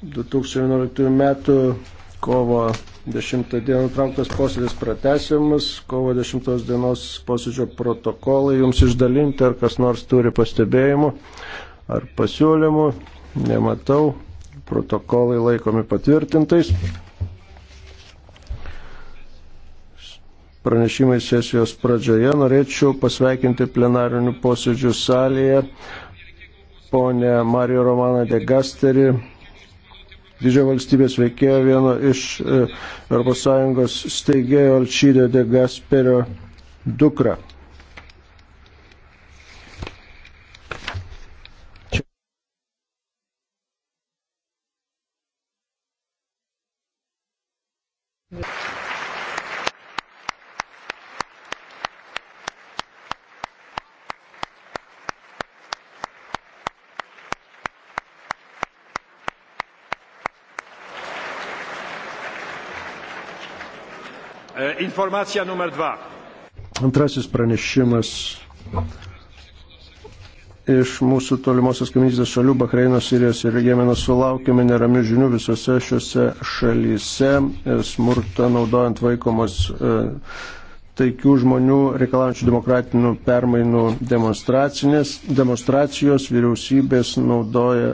2011 metų kovo 10 dieną trauktas posėdis pratesiamas, kovo 10 dienos posėdžio protokolai jums išdalinti, ar kas nors turi pastebėjimų ar pasiūlymų, nematau, protokolai laikomi patvirtintais. Pranešimai sesijos pradžioje norėčiau pasveikinti plenarinių posėdžių salėje ponę Mariją Romaną Degasterį, didžio valstybės veikėjo, vieno iš ES steigėjo Alčydė de Gasperio dukra. Thank you. E, Informacija numer 2. Antrasis pranešimas iš mūsų tolimosios kaimynystės šalių, Bahreino, Sirijos ir Jemeno sulaukime neramių žinių visose šiuose šalyse, e, smurtą naudojant vaikomos e, taikių žmonių reikalaujančių demokratinių permainų demonstracijos, vyriausybės naudoja